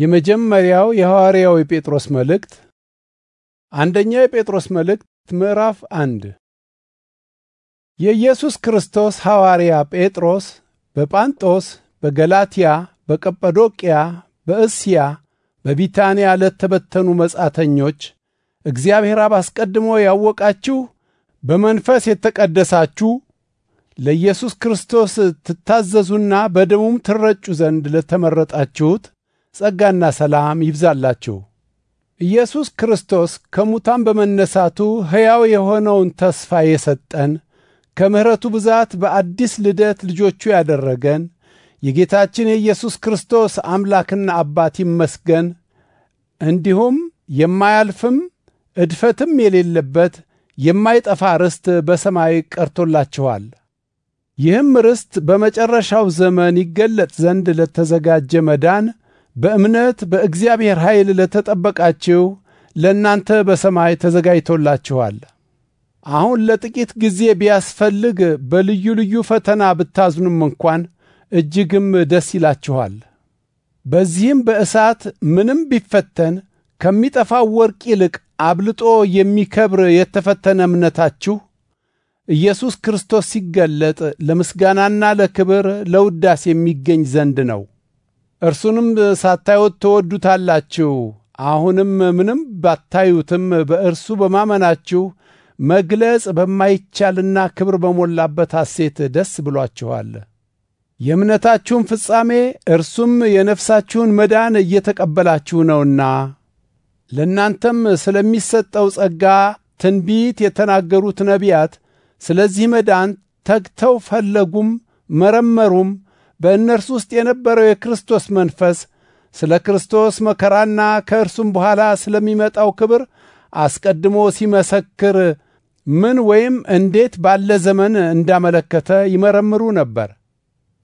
የመጀመሪያው የሐዋርያው የጴጥሮስ መልእክት አንደኛ የጴጥሮስ መልእክት ምዕራፍ አንድ የኢየሱስ ክርስቶስ ሐዋርያ ጴጥሮስ በጳንጦስ፣ በገላትያ፣ በቀጰዶቅያ፣ በእስያ፣ በቢታንያ ለተበተኑ መጻተኞች እግዚአብሔር አብ አስቀድሞ ያወቃችሁ በመንፈስ የተቀደሳችሁ ለኢየሱስ ክርስቶስ ትታዘዙና በደሙም ትረጩ ዘንድ ለተመረጣችሁት ጸጋና ሰላም ይብዛላችሁ። ኢየሱስ ክርስቶስ ከሙታን በመነሳቱ ሕያው የሆነውን ተስፋ የሰጠን ከምሕረቱ ብዛት በአዲስ ልደት ልጆቹ ያደረገን የጌታችን የኢየሱስ ክርስቶስ አምላክና አባት ይመስገን። እንዲሁም የማያልፍም እድፈትም የሌለበት የማይጠፋ ርስት በሰማይ ቀርቶላችኋል። ይህም ርስት በመጨረሻው ዘመን ይገለጥ ዘንድ ለተዘጋጀ መዳን በእምነት በእግዚአብሔር ኃይል ለተጠበቃችሁ ለእናንተ በሰማይ ተዘጋጅቶላችኋል። አሁን ለጥቂት ጊዜ ቢያስፈልግ በልዩ ልዩ ፈተና ብታዝኑም እንኳን እጅግም ደስ ይላችኋል። በዚህም በእሳት ምንም ቢፈተን ከሚጠፋው ወርቅ ይልቅ አብልጦ የሚከብር የተፈተነ እምነታችሁ ኢየሱስ ክርስቶስ ሲገለጥ ለምስጋናና ለክብር ለውዳሴ የሚገኝ ዘንድ ነው። እርሱንም ሳታዩት ትወዱታላችሁ። አሁንም ምንም ባታዩትም በእርሱ በማመናችሁ መግለጽ በማይቻልና ክብር በሞላበት ሐሴት ደስ ብሏችኋል። የእምነታችሁን ፍጻሜ እርሱም የነፍሳችሁን መዳን እየተቀበላችሁ ነውና ለእናንተም ስለሚሰጠው ጸጋ ትንቢት የተናገሩት ነቢያት ስለዚህ መዳን ተግተው ፈለጉም፣ መረመሩም በእነርሱ ውስጥ የነበረው የክርስቶስ መንፈስ ስለ ክርስቶስ መከራና ከእርሱም በኋላ ስለሚመጣው ክብር አስቀድሞ ሲመሰክር ምን ወይም እንዴት ባለ ዘመን እንዳመለከተ ይመረምሩ ነበር።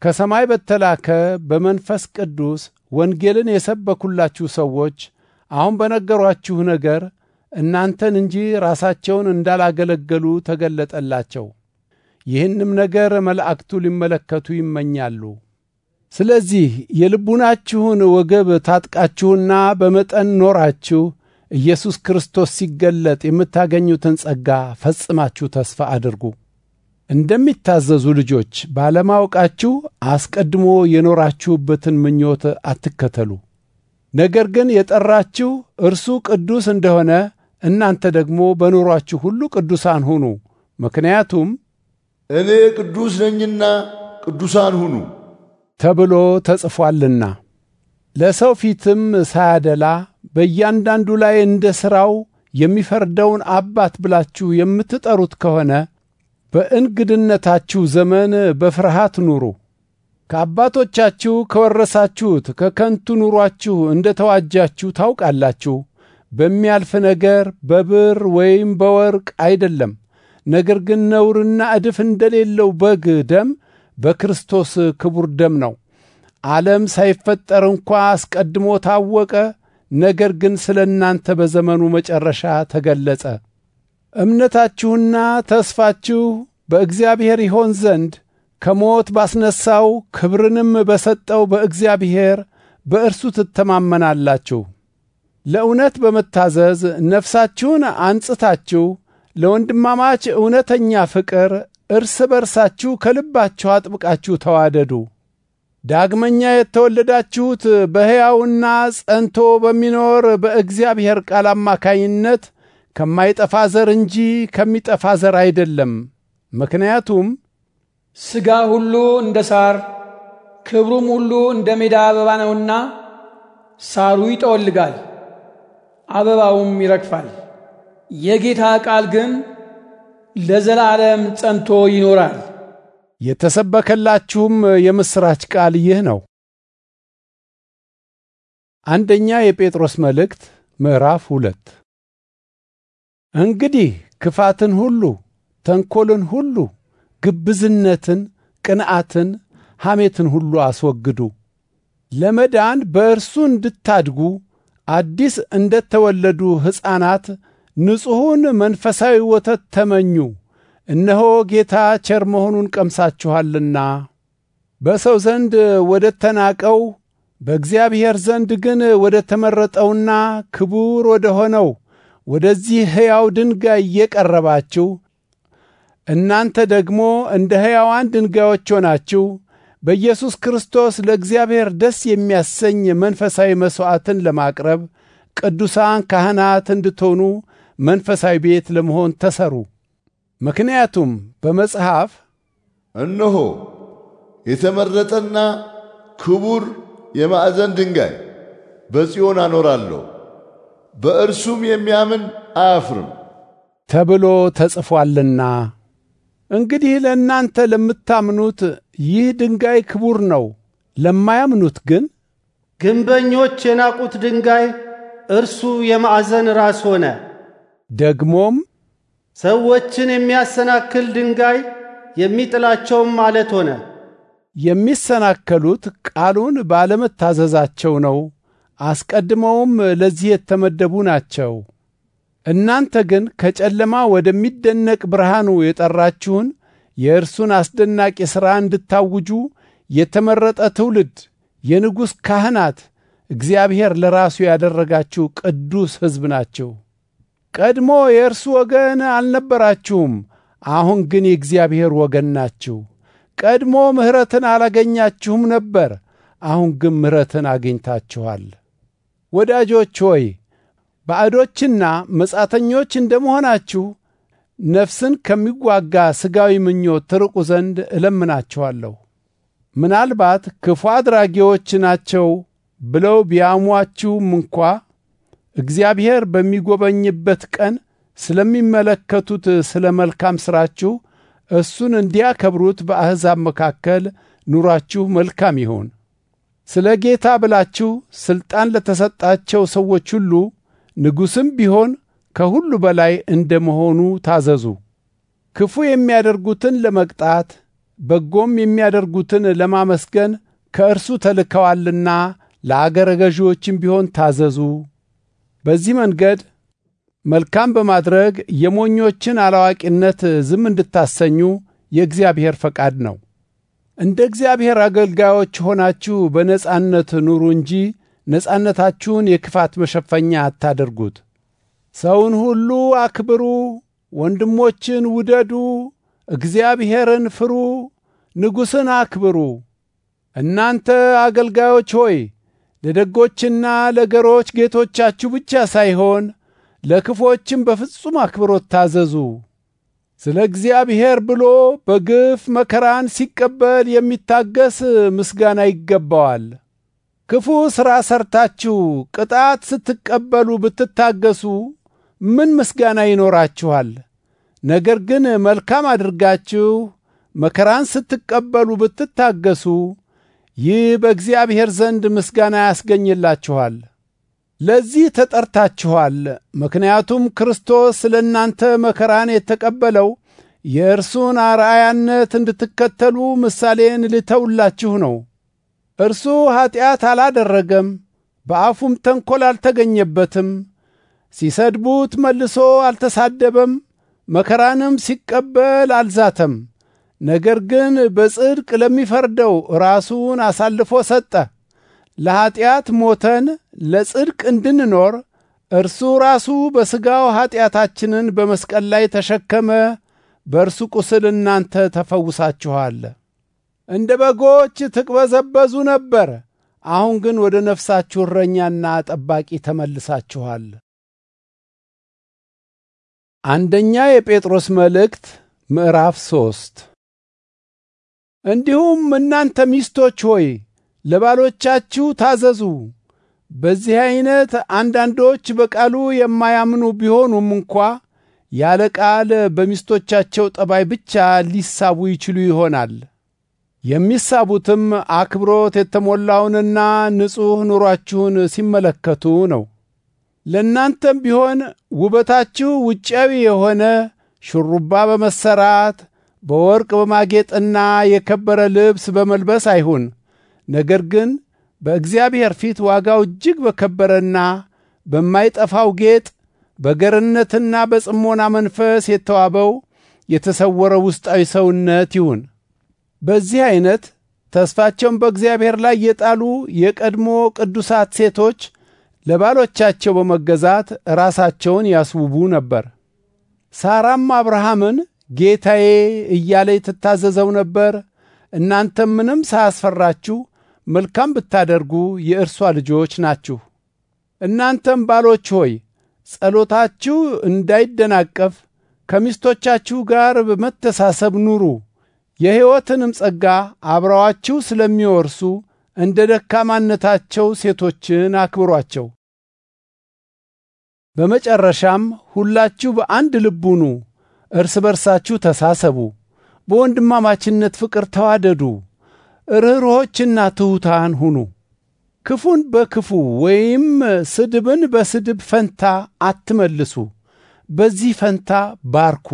ከሰማይ በተላከ በመንፈስ ቅዱስ ወንጌልን የሰበኩላችሁ ሰዎች አሁን በነገሯችሁ ነገር እናንተን እንጂ ራሳቸውን እንዳላገለገሉ ተገለጠላቸው። ይህንም ነገር መላእክቱ ሊመለከቱ ይመኛሉ። ስለዚህ የልቡናችሁን ወገብ ታጥቃችሁና በመጠን ኖራችሁ ኢየሱስ ክርስቶስ ሲገለጥ የምታገኙትን ጸጋ ፈጽማችሁ ተስፋ አድርጉ። እንደሚታዘዙ ልጆች ባለማወቃችሁ አስቀድሞ የኖራችሁበትን ምኞት አትከተሉ። ነገር ግን የጠራችሁ እርሱ ቅዱስ እንደሆነ እናንተ ደግሞ በኑሯችሁ ሁሉ ቅዱሳን ሁኑ። ምክንያቱም እኔ ቅዱስ ነኝና ቅዱሳን ሁኑ። ተብሎ ተጽፏልና ለሰው ፊትም ሳያደላ በእያንዳንዱ ላይ እንደ ሥራው የሚፈርደውን አባት ብላችሁ የምትጠሩት ከሆነ በእንግድነታችሁ ዘመን በፍርሃት ኑሩ። ከአባቶቻችሁ ከወረሳችሁት ከከንቱ ኑሯችሁ እንደ ተዋጃችሁ ታውቃላችሁ። በሚያልፍ ነገር በብር ወይም በወርቅ አይደለም፣ ነገር ግን ነውርና እድፍ እንደሌለው በግ ደም በክርስቶስ ክቡር ደም ነው። ዓለም ሳይፈጠር እንኳ አስቀድሞ ታወቀ፣ ነገር ግን ስለ እናንተ በዘመኑ መጨረሻ ተገለጸ። እምነታችሁና ተስፋችሁ በእግዚአብሔር ይሆን ዘንድ ከሞት ባስነሣው ክብርንም በሰጠው በእግዚአብሔር በእርሱ ትተማመናላችሁ። ለእውነት በመታዘዝ ነፍሳችሁን አንጽታችሁ ለወንድማማች እውነተኛ ፍቅር እርስ በርሳችሁ ከልባችሁ አጥብቃችሁ ተዋደዱ። ዳግመኛ የተወለዳችሁት በሕያውና ጸንቶ በሚኖር በእግዚአብሔር ቃል አማካይነት ከማይጠፋ ዘር እንጂ ከሚጠፋ ዘር አይደለም። ምክንያቱም ሥጋ ሁሉ እንደ ሳር ክብሩም ሁሉ እንደ ሜዳ አበባ ነውና ሳሩ ይጠወልጋል፣ አበባውም ይረግፋል። የጌታ ቃል ግን ለዘላለም ጸንቶ ይኖራል። የተሰበከላችሁም የምስራች ቃል ይህ ነው። አንደኛ የጴጥሮስ መልእክት ምዕራፍ ሁለት እንግዲህ ክፋትን ሁሉ፣ ተንኮልን ሁሉ፣ ግብዝነትን፣ ቅንዓትን፣ ሐሜትን ሁሉ አስወግዱ። ለመዳን በእርሱ እንድታድጉ አዲስ እንደተወለዱ ሕፃናት ንጹሑን መንፈሳዊ ወተት ተመኙ፣ እነሆ ጌታ ቸር መሆኑን ቀምሳችኋልና። በሰው ዘንድ ወደ ተናቀው በእግዚአብሔር ዘንድ ግን ወደ ተመረጠውና ክቡር ወደ ሆነው ወደዚህ ሕያው ድንጋይ እየቀረባችሁ እናንተ ደግሞ እንደ ሕያዋን ድንጋዮች ሆናችሁ በኢየሱስ ክርስቶስ ለእግዚአብሔር ደስ የሚያሰኝ መንፈሳዊ መሥዋዕትን ለማቅረብ ቅዱሳን ካህናት እንድትሆኑ መንፈሳዊ ቤት ለመሆን ተሰሩ። ምክንያቱም በመጽሐፍ እነሆ የተመረጠና ክቡር የማዕዘን ድንጋይ በጽዮን አኖራለሁ፣ በእርሱም የሚያምን አያፍርም ተብሎ ተጽፏልና። እንግዲህ ለእናንተ ለምታምኑት ይህ ድንጋይ ክቡር ነው። ለማያምኑት ግን ግንበኞች የናቁት ድንጋይ እርሱ የማዕዘን ራስ ሆነ። ደግሞም ሰዎችን የሚያሰናክል ድንጋይ የሚጥላቸውም ማለት ሆነ። የሚሰናከሉት ቃሉን ባለመታዘዛቸው ነው። አስቀድመውም ለዚህ የተመደቡ ናቸው። እናንተ ግን ከጨለማ ወደሚደነቅ ብርሃኑ የጠራችሁን የእርሱን አስደናቂ ሥራ እንድታውጁ የተመረጠ ትውልድ፣ የንጉሥ ካህናት፣ እግዚአብሔር ለራሱ ያደረጋችሁ ቅዱስ ሕዝብ ናችሁ። ቀድሞ የእርሱ ወገን አልነበራችሁም፣ አሁን ግን የእግዚአብሔር ወገን ናችሁ። ቀድሞ ምሕረትን አላገኛችሁም ነበር፣ አሁን ግን ምሕረትን አግኝታችኋል። ወዳጆች ሆይ ባዕዶችና መጻተኞች እንደ መሆናችሁ ነፍስን ከሚዋጋ ሥጋዊ ምኞት ትርቁ ዘንድ እለምናችኋለሁ። ምናልባት ክፉ አድራጊዎች ናቸው ብለው ቢያሟችሁም እንኳ እግዚአብሔር በሚጎበኝበት ቀን ስለሚመለከቱት ስለ መልካም ሥራችሁ እሱን እንዲያከብሩት በአሕዛብ መካከል ኑሯችሁ መልካም ይሁን። ስለ ጌታ ብላችሁ ሥልጣን ለተሰጣቸው ሰዎች ሁሉ ንጉሥም ቢሆን ከሁሉ በላይ እንደ መሆኑ ታዘዙ። ክፉ የሚያደርጉትን ለመቅጣት በጎም የሚያደርጉትን ለማመስገን ከእርሱ ተልከዋልና ለአገረ ገዢዎችም ቢሆን ታዘዙ። በዚህ መንገድ መልካም በማድረግ የሞኞችን አላዋቂነት ዝም እንድታሰኙ የእግዚአብሔር ፈቃድ ነው። እንደ እግዚአብሔር አገልጋዮች ሆናችሁ በነጻነት ኑሩ እንጂ ነጻነታችሁን የክፋት መሸፈኛ አታደርጉት። ሰውን ሁሉ አክብሩ፣ ወንድሞችን ውደዱ፣ እግዚአብሔርን ፍሩ፣ ንጉሥን አክብሩ። እናንተ አገልጋዮች ሆይ ለደጎችና ለገሮች ጌቶቻችሁ ብቻ ሳይሆን ለክፎችም በፍጹም አክብሮት ታዘዙ። ስለ እግዚአብሔር ብሎ በግፍ መከራን ሲቀበል የሚታገስ ምስጋና ይገባዋል። ክፉ ሥራ ሰርታችሁ ቅጣት ስትቀበሉ ብትታገሱ ምን ምስጋና ይኖራችኋል? ነገር ግን መልካም አድርጋችሁ መከራን ስትቀበሉ ብትታገሱ ይህ በእግዚአብሔር ዘንድ ምስጋና ያስገኝላችኋል። ለዚህ ተጠርታችኋል። ምክንያቱም ክርስቶስ ስለ እናንተ መከራን የተቀበለው የእርሱን አርአያነት እንድትከተሉ ምሳሌን ልተውላችሁ ነው። እርሱ ኀጢአት አላደረገም፣ በአፉም ተንኰል አልተገኘበትም። ሲሰድቡት መልሶ አልተሳደበም፣ መከራንም ሲቀበል አልዛተም። ነገር ግን በጽድቅ ለሚፈርደው ራሱን አሳልፎ ሰጠ። ለኀጢአት ሞተን ለጽድቅ እንድንኖር እርሱ ራሱ በሥጋው ኀጢአታችንን በመስቀል ላይ ተሸከመ። በእርሱ ቁስል እናንተ ተፈውሳችኋል። እንደ በጎች ትቅበዘበዙ ነበር፣ አሁን ግን ወደ ነፍሳችሁ እረኛና ጠባቂ ተመልሳችኋል። አንደኛ የጴጥሮስ መልእክት ምዕራፍ ሶስት እንዲሁም እናንተ ሚስቶች ሆይ ለባሎቻችሁ ታዘዙ። በዚህ አይነት አንዳንዶች በቃሉ የማያምኑ ቢሆኑም እንኳ ያለ ቃል በሚስቶቻቸው ጠባይ ብቻ ሊሳቡ ይችሉ ይሆናል። የሚሳቡትም አክብሮት የተሞላውንና ንጹሕ ኑሯችሁን ሲመለከቱ ነው። ለእናንተም ቢሆን ውበታችሁ ውጫዊ የሆነ ሹሩባ በመሰራት በወርቅ በማጌጥና የከበረ ልብስ በመልበስ አይሁን። ነገር ግን በእግዚአብሔር ፊት ዋጋው እጅግ በከበረና በማይጠፋው ጌጥ በገርነትና በጽሞና መንፈስ የተዋበው የተሰወረ ውስጣዊ ሰውነት ይሁን። በዚህ አይነት ተስፋቸውን በእግዚአብሔር ላይ የጣሉ የቀድሞ ቅዱሳት ሴቶች ለባሎቻቸው በመገዛት ራሳቸውን ያስውቡ ነበር። ሳራም አብርሃምን ጌታዬ እያለ ትታዘዘው ነበር። እናንተም ምንም ሳያስፈራችሁ መልካም ብታደርጉ የእርሷ ልጆች ናችሁ። እናንተም ባሎች ሆይ ጸሎታችሁ እንዳይደናቀፍ ከሚስቶቻችሁ ጋር በመተሳሰብ ኑሩ። የሕይወትንም ጸጋ አብረዋችሁ ስለሚወርሱ እንደ ደካማነታቸው ሴቶችን አክብሯቸው። በመጨረሻም ሁላችሁ በአንድ ልቡኑ። እርስ በርሳችሁ ተሳሰቡ፣ በወንድማማችነት ፍቅር ተዋደዱ፣ ርኅሮችና ትሑታን ሁኑ። ክፉን በክፉ ወይም ስድብን በስድብ ፈንታ አትመልሱ፣ በዚህ ፈንታ ባርኩ፣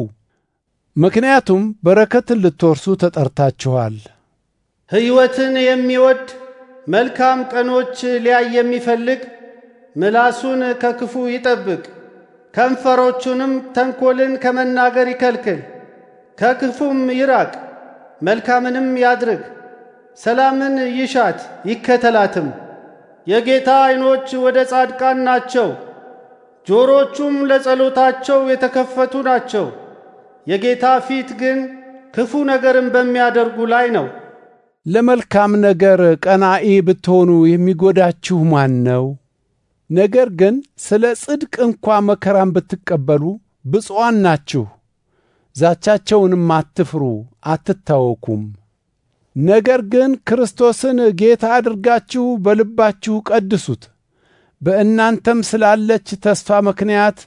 ምክንያቱም በረከትን ልትወርሱ ተጠርታችኋል። ሕይወትን የሚወድ መልካም ቀኖች ሊያይ የሚፈልግ ምላሱን ከክፉ ይጠብቅ። ከንፈሮቹንም ተንኮልን ከመናገር ይከልክል፣ ከክፉም ይራቅ፣ መልካምንም ያድርግ። ሰላምን ይሻት ይከተላትም። የጌታ ዓይኖች ወደ ጻድቃን ናቸው፣ ጆሮቹም ለጸሎታቸው የተከፈቱ ናቸው። የጌታ ፊት ግን ክፉ ነገርን በሚያደርጉ ላይ ነው። ለመልካም ነገር ቀናኢ ብትሆኑ የሚጎዳችሁ ማን ነው? ነገር ግን ስለ ጽድቅ እንኳ መከራን ብትቀበሉ ብፁዓን ናችሁ። ዛቻቸውንም አትፍሩ፣ አትታወኩም። ነገር ግን ክርስቶስን ጌታ አድርጋችሁ በልባችሁ ቀድሱት። በእናንተም ስላለች ተስፋ ምክንያት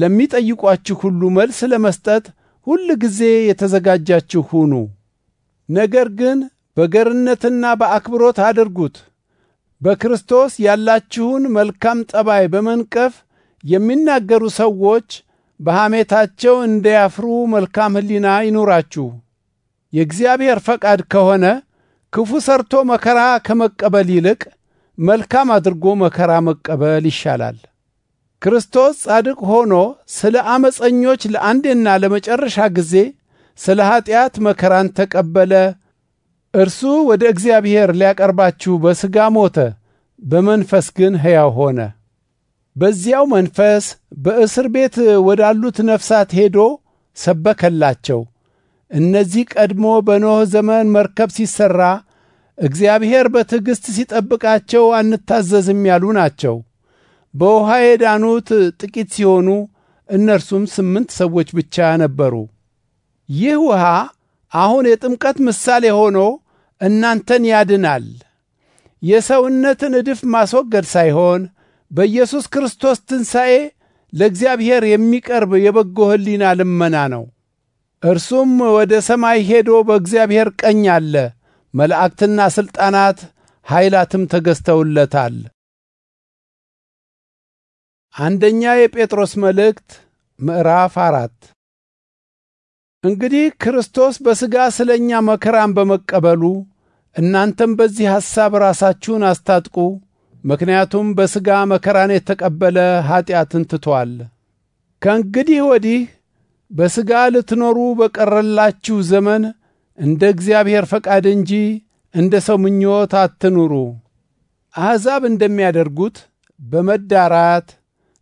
ለሚጠይቋችሁ ሁሉ መልስ ለመስጠት ሁል ጊዜ የተዘጋጃችሁ ሁኑ። ነገር ግን በገርነትና በአክብሮት አድርጉት። በክርስቶስ ያላችሁን መልካም ጠባይ በመንቀፍ የሚናገሩ ሰዎች በሐሜታቸው እንዲያፍሩ መልካም ሕሊና ይኑራችሁ። የእግዚአብሔር ፈቃድ ከሆነ ክፉ ሰርቶ መከራ ከመቀበል ይልቅ መልካም አድርጎ መከራ መቀበል ይሻላል። ክርስቶስ ጻድቅ ሆኖ ስለ ዓመፀኞች ለአንዴና ለመጨረሻ ጊዜ ስለ ኀጢአት መከራን ተቀበለ። እርሱ ወደ እግዚአብሔር ሊያቀርባችሁ በሥጋ ሞተ፣ በመንፈስ ግን ሕያው ሆነ። በዚያው መንፈስ በእስር ቤት ወዳሉት ነፍሳት ሄዶ ሰበከላቸው። እነዚህ ቀድሞ በኖኅ ዘመን መርከብ ሲሠራ እግዚአብሔር በትዕግሥት ሲጠብቃቸው አንታዘዝም ያሉ ናቸው። በውኃ የዳኑት ጥቂት ሲሆኑ እነርሱም ስምንት ሰዎች ብቻ ነበሩ። ይህ ውኃ አሁን የጥምቀት ምሳሌ ሆኖ እናንተን ያድናል። የሰውነትን እድፍ ማስወገድ ሳይሆን በኢየሱስ ክርስቶስ ትንሣኤ ለእግዚአብሔር የሚቀርብ የበጎ ሕሊና ልመና ነው። እርሱም ወደ ሰማይ ሄዶ በእግዚአብሔር ቀኝ አለ። መላእክትና ሥልጣናት ኃይላትም ተገዝተውለታል። አንደኛ የጴጥሮስ መልእክት ምዕራፍ አራት እንግዲህ ክርስቶስ በሥጋ ስለ እኛ መከራን በመቀበሉ እናንተም በዚህ ሐሳብ ራሳችሁን አስታጥቁ። ምክንያቱም በሥጋ መከራን የተቀበለ ኀጢአትን ትቶአል። ከእንግዲህ ወዲህ በሥጋ ልትኖሩ በቀረላችሁ ዘመን እንደ እግዚአብሔር ፈቃድ እንጂ እንደ ሰው ምኞት አትኑሩ። አሕዛብ እንደሚያደርጉት በመዳራት፣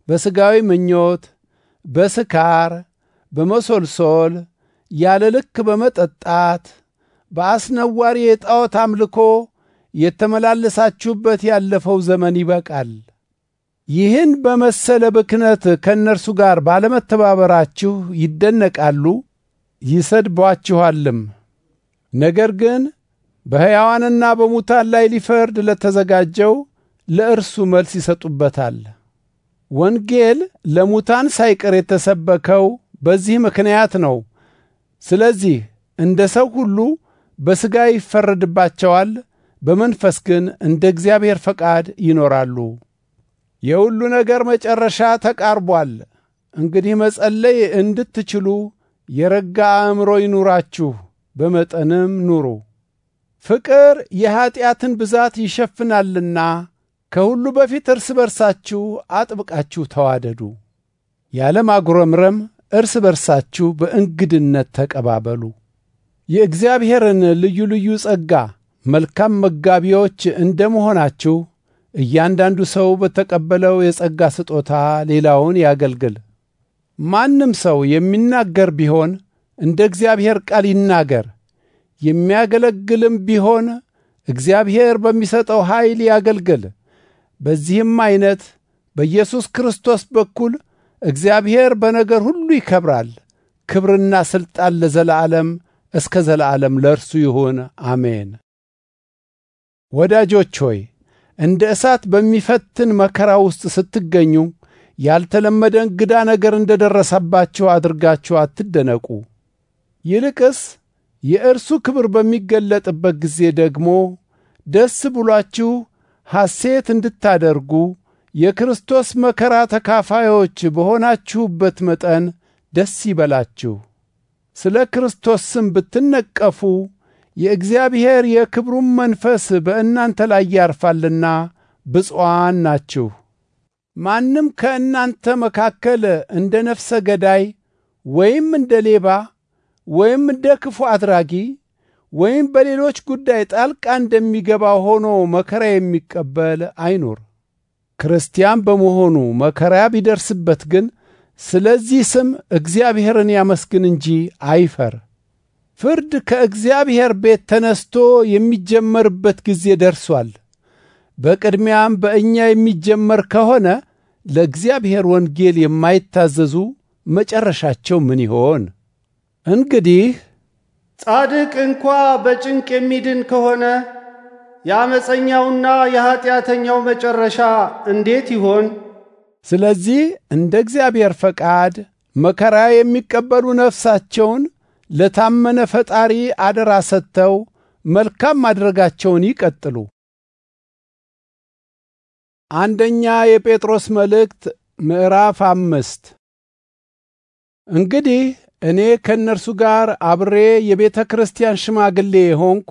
በሥጋዊ ምኞት፣ በስካር፣ በመሶልሶል ያለ ልክ በመጠጣት በአስነዋሪ የጣዖት አምልኮ የተመላለሳችሁበት ያለፈው ዘመን ይበቃል። ይህን በመሰለ ብክነት ከእነርሱ ጋር ባለመተባበራችሁ ይደነቃሉ፣ ይሰድቧችኋልም። ነገር ግን በሕያዋንና በሙታን ላይ ሊፈርድ ለተዘጋጀው ለእርሱ መልስ ይሰጡበታል። ወንጌል ለሙታን ሳይቀር የተሰበከው በዚህ ምክንያት ነው። ስለዚህ እንደ ሰው ሁሉ በሥጋ ይፈረድባቸዋል፣ በመንፈስ ግን እንደ እግዚአብሔር ፈቃድ ይኖራሉ። የሁሉ ነገር መጨረሻ ተቃርቧል። እንግዲህ መጸለይ እንድትችሉ የረጋ አእምሮ ይኑራችሁ፣ በመጠንም ኑሩ። ፍቅር የኀጢአትን ብዛት ይሸፍናልና ከሁሉ በፊት እርስ በርሳችሁ አጥብቃችሁ ተዋደዱ ያለ ማጉረምረም እርስ በርሳችሁ በእንግድነት ተቀባበሉ። የእግዚአብሔርን ልዩ ልዩ ጸጋ መልካም መጋቢዎች እንደ መሆናችሁ እያንዳንዱ ሰው በተቀበለው የጸጋ ስጦታ ሌላውን ያገልግል። ማንም ሰው የሚናገር ቢሆን እንደ እግዚአብሔር ቃል ይናገር፣ የሚያገለግልም ቢሆን እግዚአብሔር በሚሰጠው ኃይል ያገልግል። በዚህም ዐይነት በኢየሱስ ክርስቶስ በኩል እግዚአብሔር በነገር ሁሉ ይከብራል። ክብርና ሥልጣን ለዘላለም እስከ ዘላለም ለእርሱ ይሁን፣ አሜን። ወዳጆች ሆይ እንደ እሳት በሚፈትን መከራ ውስጥ ስትገኙ ያልተለመደ እንግዳ ነገር እንደ ደረሰባችሁ አድርጋችሁ አትደነቁ። ይልቅስ የእርሱ ክብር በሚገለጥበት ጊዜ ደግሞ ደስ ብሏችሁ ሐሴት እንድታደርጉ የክርስቶስ መከራ ተካፋዮች በሆናችሁበት መጠን ደስ ይበላችሁ። ስለ ክርስቶስ ስም ብትነቀፉ የእግዚአብሔር የክብሩም መንፈስ በእናንተ ላይ ያርፋልና ብፁዓን ናችሁ። ማንም ከእናንተ መካከል እንደ ነፍሰ ገዳይ ወይም እንደ ሌባ ወይም እንደ ክፉ አድራጊ ወይም በሌሎች ጉዳይ ጣልቃ እንደሚገባ ሆኖ መከራ የሚቀበል አይኖር። ክርስቲያን በመሆኑ መከራ ቢደርስበት ግን ስለዚህ ስም እግዚአብሔርን ያመስግን እንጂ አይፈር። ፍርድ ከእግዚአብሔር ቤት ተነስቶ የሚጀመርበት ጊዜ ደርሷል። በቅድሚያም በእኛ የሚጀመር ከሆነ ለእግዚአብሔር ወንጌል የማይታዘዙ መጨረሻቸው ምን ይሆን? እንግዲህ ጻድቅ እንኳ በጭንቅ የሚድን ከሆነ የአመፀኛውና የኀጢአተኛው መጨረሻ እንዴት ይሆን? ስለዚህ እንደ እግዚአብሔር ፈቃድ መከራ የሚቀበሉ ነፍሳቸውን ለታመነ ፈጣሪ አደራ ሰጥተው መልካም ማድረጋቸውን ይቀጥሉ። አንደኛ የጴጥሮስ መልእክት ምዕራፍ አምስት እንግዲህ እኔ ከእነርሱ ጋር አብሬ የቤተ ክርስቲያን ሽማግሌ የሆንኩ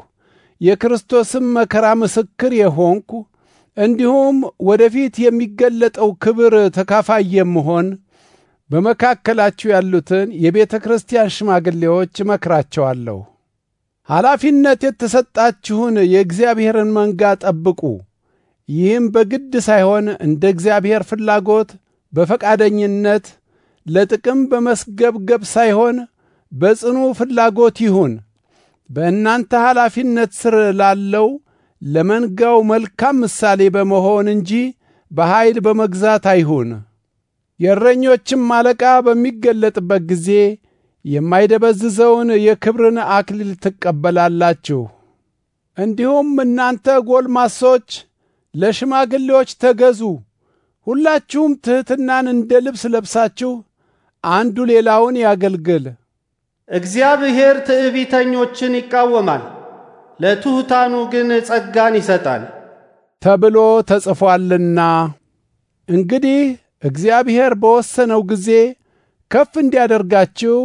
የክርስቶስም መከራ ምስክር የሆንኩ እንዲሁም ወደፊት የሚገለጠው ክብር ተካፋይ የምሆን በመካከላችሁ ያሉትን የቤተ ክርስቲያን ሽማግሌዎች እመክራቸዋለሁ። ኃላፊነት የተሰጣችሁን የእግዚአብሔርን መንጋ ጠብቁ። ይህም በግድ ሳይሆን እንደ እግዚአብሔር ፍላጎት በፈቃደኝነት ለጥቅም በመስገብገብ ሳይሆን በጽኑ ፍላጎት ይሁን። በእናንተ ኃላፊነት ስር ላለው ለመንጋው መልካም ምሳሌ በመሆን እንጂ በኃይል በመግዛት አይሁን። የእረኞችም አለቃ በሚገለጥበት ጊዜ የማይደበዝዘውን የክብርን አክሊል ትቀበላላችሁ። እንዲሁም እናንተ ጎልማሶች ለሽማግሌዎች ተገዙ። ሁላችሁም ትሕትናን እንደ ልብስ ለብሳችሁ አንዱ ሌላውን ያገልግል። እግዚአብሔር ትዕቢተኞችን ይቃወማል፣ ለትሑታኑ ግን ጸጋን ይሰጣል ተብሎ ተጽፏልና። እንግዲህ እግዚአብሔር በወሰነው ጊዜ ከፍ እንዲያደርጋችሁ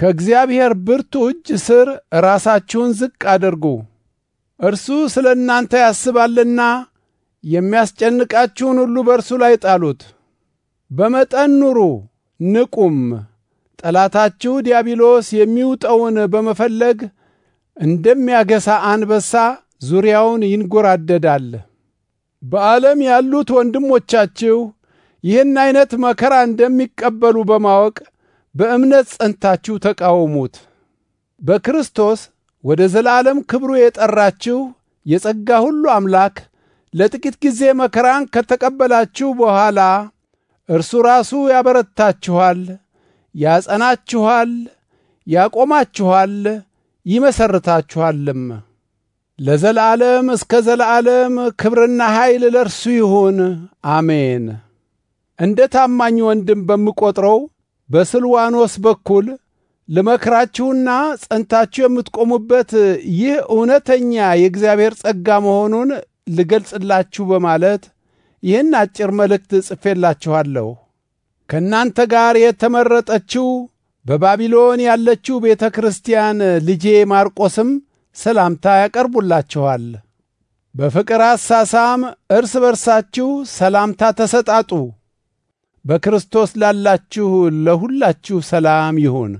ከእግዚአብሔር ብርቱ እጅ ስር ራሳችሁን ዝቅ አድርጉ። እርሱ ስለ እናንተ ያስባልና የሚያስጨንቃችሁን ሁሉ በእርሱ ላይ ጣሉት። በመጠን ኑሩ፣ ንቁም። ጠላታችሁ ዲያብሎስ የሚውጠውን በመፈለግ እንደሚያገሳ አንበሳ ዙሪያውን ይንጎራደዳል። በዓለም ያሉት ወንድሞቻችሁ ይህን አይነት መከራ እንደሚቀበሉ በማወቅ በእምነት ጸንታችሁ ተቃወሙት። በክርስቶስ ወደ ዘላለም ክብሩ የጠራችሁ የጸጋ ሁሉ አምላክ ለጥቂት ጊዜ መከራን ከተቀበላችሁ በኋላ እርሱ ራሱ ያበረታችኋል ያጸናችኋል፣ ያቆማችኋል፣ ይመሰርታችኋልም። ለዘላለም እስከ ዘላለም ክብርና ኃይል ለርሱ ይሁን፣ አሜን። እንደ ታማኝ ወንድም በምቈጥረው በስልዋኖስ በኩል ልመክራችሁና ጸንታችሁ የምትቆሙበት ይህ እውነተኛ የእግዚአብሔር ጸጋ መሆኑን ልገልጽላችሁ በማለት ይህን አጭር መልእክት ጽፌላችኋለሁ። ከእናንተ ጋር የተመረጠችው በባቢሎን ያለችው ቤተ ክርስቲያን ልጄ ማርቆስም ሰላምታ ያቀርቡላችኋል። በፍቅር አሳሳም እርስ በርሳችሁ ሰላምታ ተሰጣጡ። በክርስቶስ ላላችሁ ለሁላችሁ ሰላም ይሁን።